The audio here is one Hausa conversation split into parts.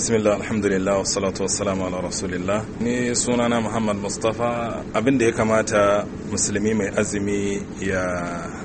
bismillah alhamdulillah wassalatu wassalamu ala rasulillah ni sunana muhammad mustafa abin da ya kamata musulmi mai azumi ya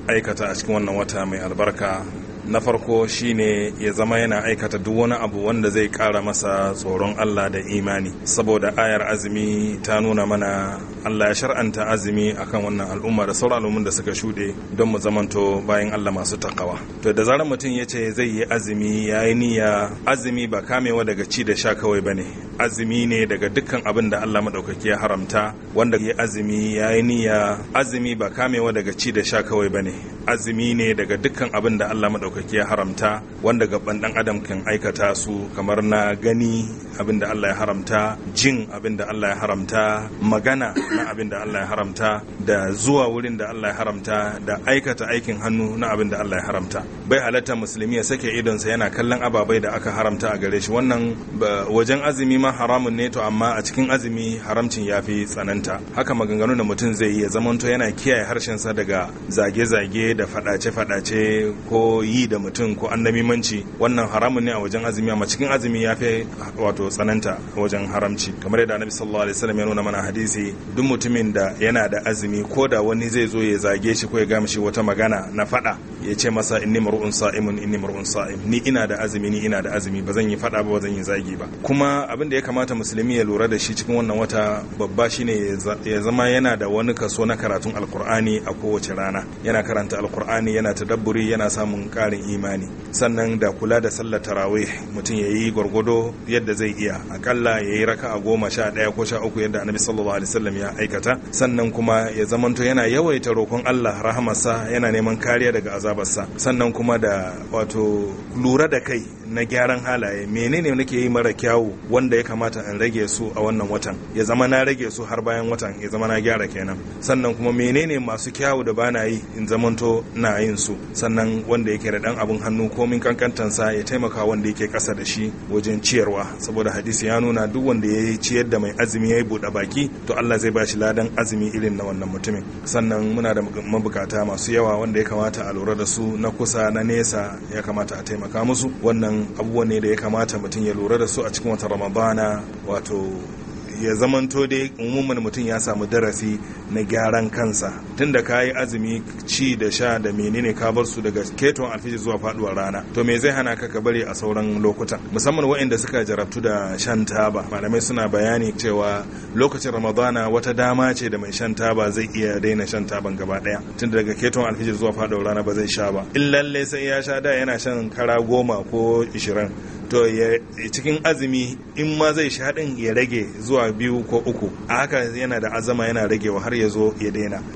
aikata a cikin wannan wata mai albarka na farko shine ya zama yana aikata duk wani abu wanda zai kara masa tsoron Allah da imani saboda ayar azumi ta nuna mana Allah ya shar'anta azumi akan wannan al'umma da sauran al'ummun da suka shuɗe don mu zamanto bayan Allah masu takawa to da zarar mutum ya ce zai yi azumi yayi niyya azumi ba kamewa daga ci da sha kawai bane azumi ne daga dukkan abin da Allah maɗaukaki ya haramta wanda ya azumi ya yi niyya azumi ba kamewa daga ci da sha kawai ba ne azumi ne daga dukkan abin da Allah maɗaukaki ya haramta wanda gaban ɗan adam kan aikata su kamar na gani abin da Allah ya haramta jin abin da Allah ya haramta magana na abin da Allah ya haramta da zuwa wurin da Allah ya haramta da aikata aikin hannu na abin da Allah ya haramta bai halatta musulmi ya sake idonsa yana kallon ababai da aka haramta a gare shi wannan wajen azumi ma haramun ne to amma a cikin azumi haramcin ya fi tsananta haka maganganu da mutum zai yi ya zamanto yana kiyaye harshensa daga zage-zage da fadace-fadace ko yi da mutum ko annamimanci wannan haramun ne a wajen azumi amma cikin azumi ya fi wato tsananta wajen haramci kamar yadda annabi sallallahu alaihi wasallam ya nuna mana hadisi duk mutumin da yana da azumi ko da wani zai zo ya zage shi ko ya gama shi wata magana na fada ya ce masa inni mar'un sa'imun inni mar'un sa'im ni ina da azumi ni ina da azumi ba zan yi fada ba ba zan yi zagi ba kuma abin da ya kamata musulmi ya lura da shi cikin wannan wata babba shine ya zama yana da wani kaso na karatun alkur'ani a kowace rana yana karanta alkur'ani yana tadabburi yana samun karin imani sannan da kula da sallar tarawih mutum ya yi gwargwado yadda zai iya akalla ya yi raka a goma sha ɗaya ko sha uku yadda annabi sallallahu alaihi wasallam ya aikata sannan kuma ya zamanto yana yawaita roƙon Allah rahamarsa yana neman kariya daga azabarsa sannan kuma da wato lura da kai na gyaran halaye menene nake yi mara kyawu wanda ya kamata in rage su a wannan watan ya zama na rage su har bayan watan ya zama na gyara kenan sannan kuma menene masu kyawu da bana yi in zamanto na yin su sannan wanda yake da dan abun hannu ko kankantan sa ya taimaka wanda yake kasa da shi wajen ciyarwa saboda hadisi ya nuna duk wanda ya ciyar da mai azumi ya yi buɗe baki to Allah zai ba shi ladan azumi irin na wannan mutumin sannan muna da mabukata masu yawa wanda ya kamata a lura da su na kusa na nesa ya kamata a taimaka musu wannan abubuwan ne da ya kamata mutum ya lura da su a cikin watan Ramadan amana wato ya zamanto dai umumin mutum ya samu darasi na gyaran kansa tunda da ka yi azumi ci da sha da menene ka bar su daga keton alfijir zuwa faduwar rana to me zai hana ka ka bari a sauran lokutan musamman waɗanda suka jarabtu da shan taba malamai suna bayani cewa lokacin ramadana wata dama ce da mai shan taba zai iya daina shan taban gaba daya tun daga keton alfijir zuwa faduwar rana ba zai sha ba in lallai sai ya sha da yana shan kara goma ko ishirin to cikin azumi in ma zai sha haɗin ya rage zuwa biyu ko uku a haka yana da azama yana ragewa har ya zo ya daina